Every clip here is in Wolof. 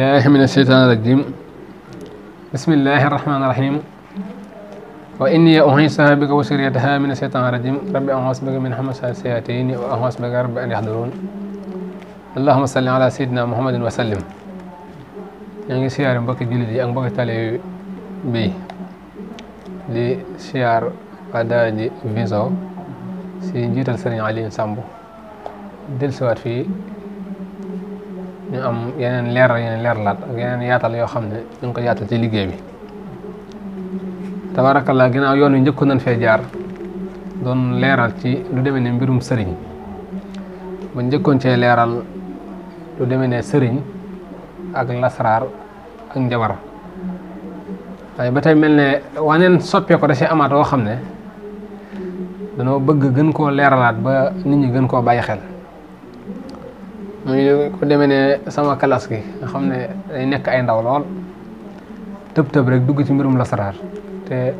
بالله من الشيطان الرجيم بسم الله الرحمن الرحيم وإني أهيسها بك وسريتها من الشيطان الرجيم ربي أعوذ بك من حمسة الشياطين وأعوذ بك رب أن يحضرون اللهم صل على سيدنا محمد وسلم يعني سيار بك جلدي أن بك تالي بي لي سيار di دي فيزو daara ji Vision si njiital Serigne Aliou Samb ñu am yeneen leer yeneen leerlaat ak yeneen yaatal yoo xam ne ñu ngi ko yaatal ci liggéey bi tabaarakallaa ginnaaw yoon wi njëkkoon nañ fee jaar doon leeral ci lu demee ne mbirum sëriñ ba njëkkoon cee leeral lu deme ne sëriñ ak lasraar ak njabar waaye ba tey mel ne waneen soppee ko da ci amaat woo xam ne danoo bëgg gën koo leeralaat ba nit ñi gën koo bàyyi xel muy ko demee ne sama classe gi nga xam ne day nekk ay ndaw lool tëb tëb rek dugg ci mbirum lasaraar te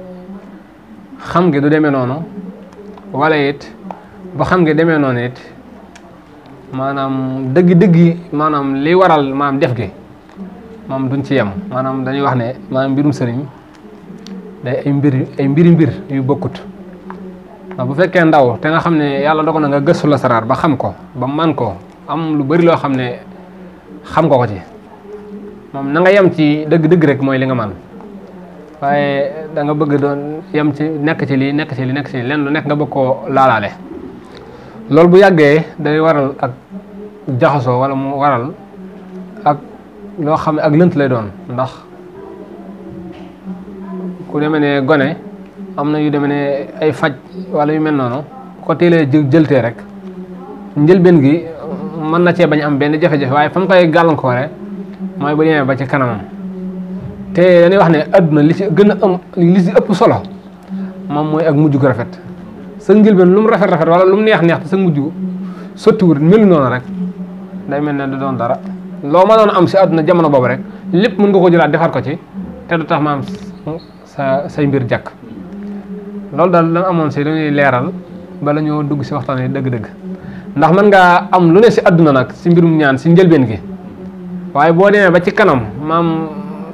xam gi du demee noonu walla it ba xam gi demee noonu it maanaam dëgg-dëgg maanaam li waral maam def gi moom duñ ci yem maanaam dañuy wax ne maanaam mbirum sëriñ day ay mbir ay mbiri mbir yu bokkut bu fekkee ndaw te nga xam ne yàlla dogal na nga gëstu lasaraar ba xam ko ba man ko am lu bari loo xam ne xam nga ko ci moom na nga yem ci dëgg-dëgg rek mooy li nga man waaye danga bëgg doon yem ci nekk ci lii nekk ci li nekk ci lii lenn lu nekk nga bëgg ko laalaale loolu bu yàggee day waral ak jaxasoo wala mu waral ak loo xam ne ak lënt lay doon ndax ku demee ne gone am na yu demee ne ay faj wala yu mel noonu ko teelee jëltee rek njëlbeen gi man na ci bañ am benn jafé jafe waaye fa mu koy gàllankoore moy bu ñëwee ba ci kanam té dañuy wax né aduna li ci gëna am li ci ëpp solo mom moy ak mujju gu rafet sa ngil ben lu mu rafet rafet wala lu mu neex neex sa mujju gu wu mel non rek day mel ne du doon dara lo ma doon am ci aduna jamono bobu rek lepp mën nga ko jëlaat defar ko ci té du tax ma am sa say mbir jak lol dal la amone sey dañuy leral ba lañu dugg ci waxtane deug deug ndax mën ngaa am lu ne si àdduna nag si mbirum ñaan si njëlbeen gi waaye boo demee ba ci kanam maam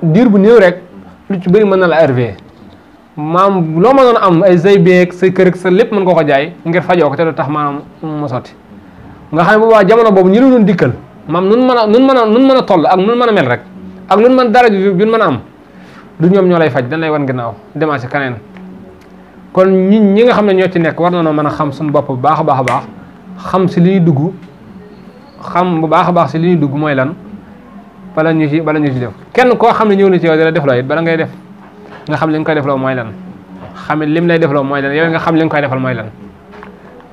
diir bu néew rek lu ci bëri mën na la arrivé maam loo mënoon am ay say beeg say kër ak sa lépp mën nga ko jaay ngir fajoo ko te du tax maanaam mu sotti nga xam ne boobaa jamono boobu ñu la doon dikkal maam mën a mën a nun mën a toll ak nun mën a mel rek ak nun mën dara ju mën a am du ñoom ñoo lay faj danay lay wan gannaaw demaat si kaneen kon ñi ñi nga xam ne ñoo ci nekk war na noo mën a xam suñu bopp bu baax a baax baax xam si li ñuy dugg xam bu baax a baax si li ñuy dugg mooy lan bala ñu ci bala ñu ci def kenn koo xam ne ñëw na ci yow dala def loo it bala ngay def nga xam li nga koy defloo mooy lan xam lim lay defloo mooy lan yow nga xam li nga koy defal mooy lan hmm.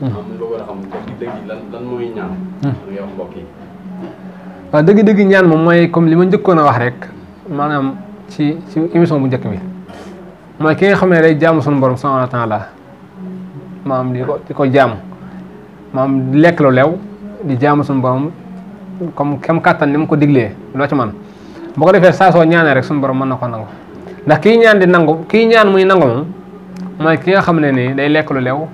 hmm. waaw dëgg-dëgg ñaan moom mooy comme li ma njëkkoon a wax rek maanaam ci ci émission bu njëkk bi mooy ki nga xam ne day jaamu sunu borom subhaanahu wa taala maam di ko di ko jam, maam lek lo lew di jam sun borom kom kem katan ni mu ko diglé lo ci man bako defé sa saa ñaané rek sun borom man nako ko nangu ndax ki ñaan di nangu ki ñaan muy nangu moy ki nga xamné ni day lek lo lew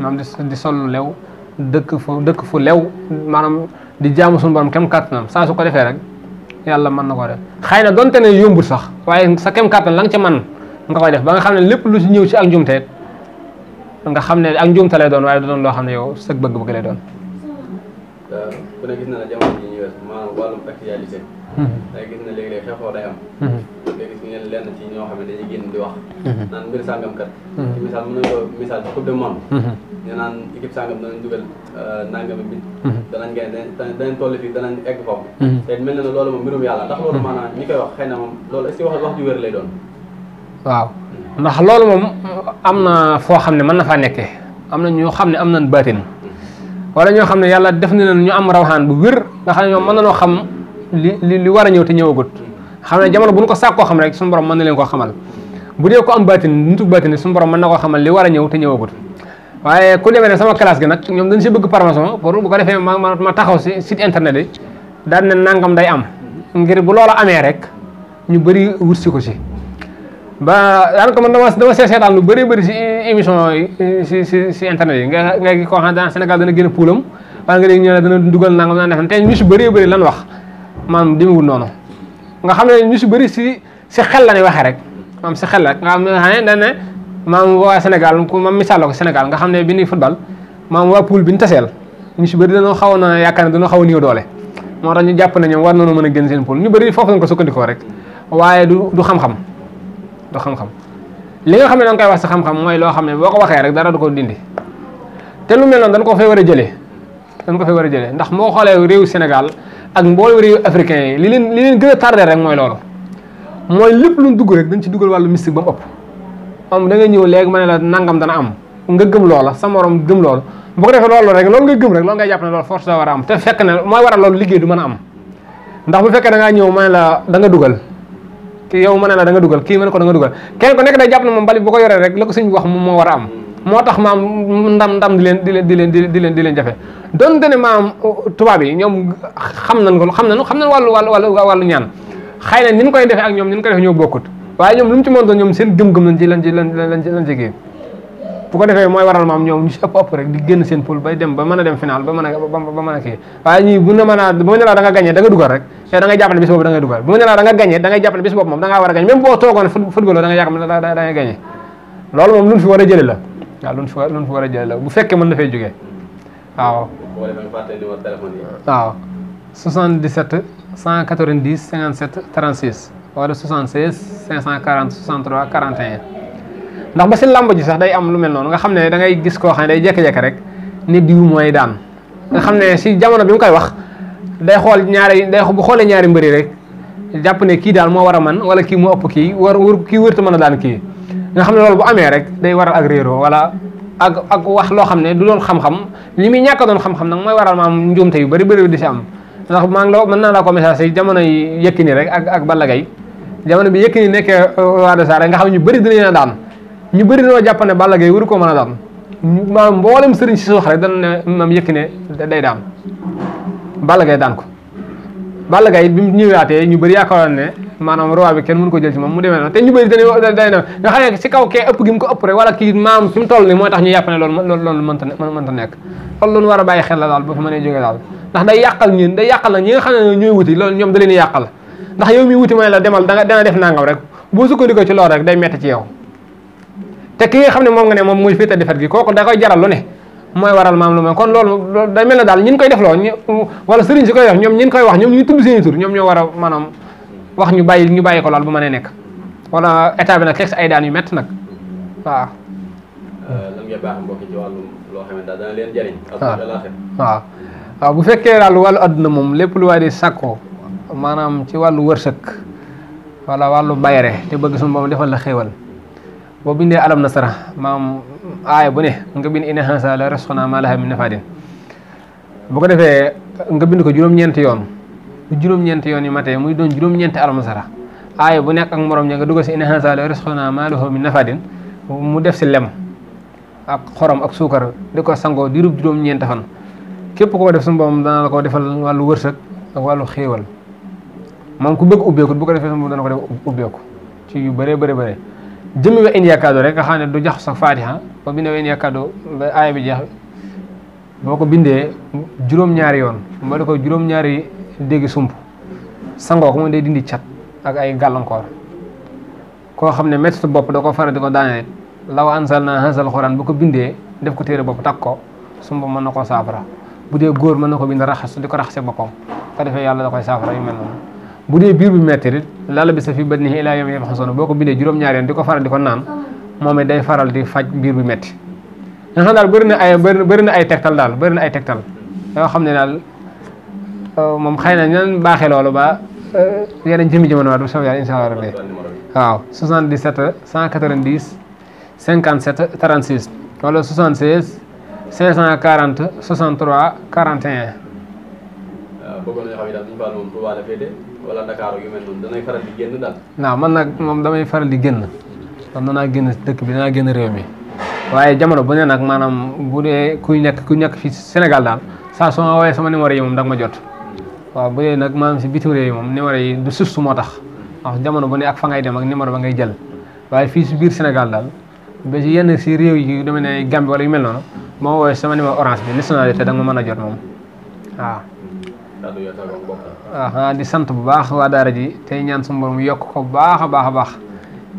maam di di sol lo lew dekk fu dekk fu lew manam di jam sun borom kem kàttanam saa su ko defé rek yalla man nako ko def xayna na donte ne yombul sax waye sa kem katan lang ci man nga koy def ba nga xam lepp lu ci ñew ci ak njumte nga xam ne ak njuumte lay doon waaye du doon loo xam ne yow sëg bëgg-bëgg lay doon. ku ne gis na ne jamono ji ñu wees maanaam wàllum actualité. day hmm. gis ne léegi-léeg xeexoo day am. léegi hmm. gis ngeen lenn ci ñoo xam ne dañuy génn di wax. Hmm. naan mbir sàngam kat. ci misaal mën nañu ko misaal ci coupe du monde. ñu bi. danañ gën euh, toll fii danañ egg foofu. te mel na loolu moom mbirum yàlla ndax loolu maanaam ñi koy wax xëy moom loolu est-ce wax wax ju wér lay doon. waaw ndax loolu moom amna fo xamne mana na fa nekkee amna na xamne amna batin wala ñoo xamne yalla def na ñu am rawhan bu wër nga xamne ne man na lo xam li li wara ñew te ñewagut xamne jamono bu ñu ko sakko xam rek suñu borom man na leen ko xamal bu dé ko am batin nitu batin suñu borom man na ko xamal li wara ñew te ñewagut waye ku sama classe gi nak ñom dañ si bëgg formation pour bu ko défé ma ma taxaw ci site internet yi daal na nangam day am ngir bu loola amé rek ñu bari si ba daanaka man dama dama seetaan lu bëri bëri si émission yi si si si internet yi nga nga koo xam ne Sénégal dana gën a puulam waaye nga léegi ñu ne dana dugal nangam naan def te ñu si wax maanaam demewul noonu nga xam xel la ñuy waxee rek maanaam si xel la nga xam ne dañ ne maam waa Sénégal maam misaal nga xam ne bi ñuy football maam waa poule bi ñu taseel ñu si bëri xaw a yaakaar ne dañoo xaw a néew doole moo tax ñu jàpp ne ñoom war nañoo mën a génn seen poule ñu bëri foofu lañ ko sukkandikoo rek waaye du du xam-xam du xam-xam li nga xam ne da nga koy wax xam-xam mooy loo xam ne boo ko waxee rek dara du ko dindi te lu mel noonu dañ ko fay war a jëlee dañ ko fay war a jëlee ndax moo xoolee réew Sénégal ak mboolem réew africain yi li leen li leen gën rek mooy loolu mooy lépp lu dugg rek dañ ci dugal wàllu mystique ba mu ëpp moom da nga ñëw léegi ma ne la nangam dana am nga gëm loola sa morom gëm loolu bu ko defee loolu rek loolu nga gëm rek loolu ngay jàpp ne loolu force da a fekk ne mooy waral liggéey du mën am ndax bu la da nga dugal yow ma la da dugal kii ma ne ko da nga dugal kenn ko nekk day jàpp ne moom bali bu ko rek la ko sëñ moom moo war a am moo tax maam ndam ndam di leen di leen di leen di leen di leen jafe donte ne maam uh, tubaab yi ñoom xam nañ ko xam nañ xam nañ wàllu wàllu wàllu ak ñoom ni ñu koy defee ñoo bokkut mooy waral maam ñoom ñu si ëpp ëpp rek di génn seen poul ba mën dem final ba mën a waaye ñii bu ne mën a bu ne dugal rek te eh, da nga jappal bis boobu da nga dugal bu mu ne la da nga gagné da nga jappal bis boobu mom da nga wara a gagné même bo togon football da nga yak da da ngay gagné loolu mom luñ fi wara a la wa luñ fi luñ fi wara a la bu fekkee mën na fay jógee waaw. waaw 77 190 57 36 wala 76 540 63 41 ndax ba si lamb ji sax day am lu mel non nga xamné da ngay gis ko xamné day jek jek rek nit diw moy daan nga xamné ci jamono bi mu koy wax. day xool ñaari day bu xoolee ñaari mbëri rek jàpp ne kii daal moo war a man wala kii moo opp kii war wër kii wërta mën a daan kii nga xam ne loolu bu amee rek day waral ak réeroo wala ak ak wax loo xam ne du doon xam-xam li muy ñàkk doon xam-xam nag mooy waral maam njuumte yu bëri bëri di si am ndax maa ngi la mën naa la ko message yi jamono yi Yékini rek ak ak Balla jamono bi Yékini nekkee euh, roi des nga xam ne ñu bëri dinañ a daan ñu bëri dañoo jàpp ne Balla Gaye waru ko mën a daan maam mboolem sëriñ si wax rek dana ne maam Yékini day daan Balla Gaye daan ko Balla Gaye bi ñu bëri yaakaaroon ne maanaam roi bi kenn mënu ko jël ci moom mu demee te ñu bëri dañuy ne si nekk loolu loolu war a bàyyi xel la daal ba fi mënee jógee daal ndax day yàqal ñun day yàqal wuti loolu ñoom da leen yàqal ndax yow mi wuti mooy la demal danga def nangam rek boo sukkandikoo ci loolu rek day metti ci yow te ki nga xam ne moom nga ne moom mooy féete defet gi kooku da koy jaral lu ne mooy waral maam lu mel kon loolu day mel ne daal ñin koy def loo wala sëriñ si koy def ñoom ñin koy wax ñoom ñu tudd seen i tur ñoom ñoo war a maanaam wax ñu bàyyi ñu bàyyi ko lool bu mënee nekk wala état bi nag teg si ay daan yu métti nag waaw. lan bu fekkee daal wàllu àdduna moom lépp lu waay di sàkkoo maanaam ci wàllu wërsëg wala wàllu bayre te bëgg suñu boom defal la xéewal bo binde alam nasara mam, aya bu ne nga bin inna haza la rizquna ma laha min nafadin bu ko defee nga bind ko jurom ñent yoon jurom ñent yoon yi matee muy doon jurom ñent alam nasara aya bu nek ak morom nga si inna haza la ma laha min nafadin mu def ci lem ak xorom ak sukar, di ko sangoo diirub juróom-ñeenti fan képp koo def sun bom dana ko defal walu wërsek ak walu xewal moom ku bëgg ko bu ko sun bom dana ko def ko ci yu bare bare bare jëmmi wa in yakkaadoo rek nga xam ne du jax sa faatiha boo bindee wa in yakkaadoo ba aaya bi jeex boo ko bindee juróom-ñaari yoon moo ko juróom-ñaari dégg sump sangoo ko moom dee dindi cat ak ay gàllankoor koo xam ne mettitu bopp da ko fara di ko daaneel law ansal naa hansal xuraan bu ko bindee def ko téere bopp takk ko sump mën na ko saafara bu dee góor mën na ko bind raxas di ko raxase boppam ko defee yàlla da koy saafara yu mel noonu bu dee biir bu metti it lala bi sa fi ba nii ilaa yom yom xasoon boo ko bindee juróom-ñaari yoon di ko faral di ko naan moom it day faral di faj biir bu metti nga xam daal bëri na ay bëri na ay tegtal daal bërina ay tegtal yoo xam ne daal euh, moom xëy na ñan baaxee loolu ba euh, yeneen jëmi jamono waat bu soobee yàlla incha allah rabbi waaw 77 190 57 36 wala 76 wala Dakar yu mel noonu danay faral di génn daal. waaw man nag moom damay faral di génn man danaa génn dëkk bi danaa génn réew mi waaye jamono bu ne nag maanaam bu dee kuy nekk ku nekk fii Sénégal daal saa su ma sama numéro yi moom ma jot. waaw bu dee nag maanaam si bitim réew yi moom numéro yi du suuf moo tax wax jamono bu ne ak fa ngay dem ak numéro ba ngay jël waaye fii si biir Sénégal daal ba si yenn si réew yi yu demee ne Gambie wala yu mel noonu moo woowee sama numéro orange bi nationalité da nga ma mën a jot moom waaw. di sant bu baax waa daara ji tey ñaan suñu borom yokk ko bu baax a baax a baax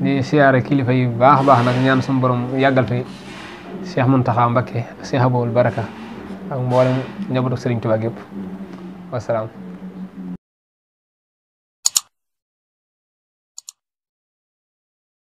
di siyaare kilifa yi bu baax a baax nag ñaan suñu borom yàggal fi Cheikh Mountakha Mbacké Cheikh Abou Baraka ak mboolem njabootu Serigne Touba gépp wasalaam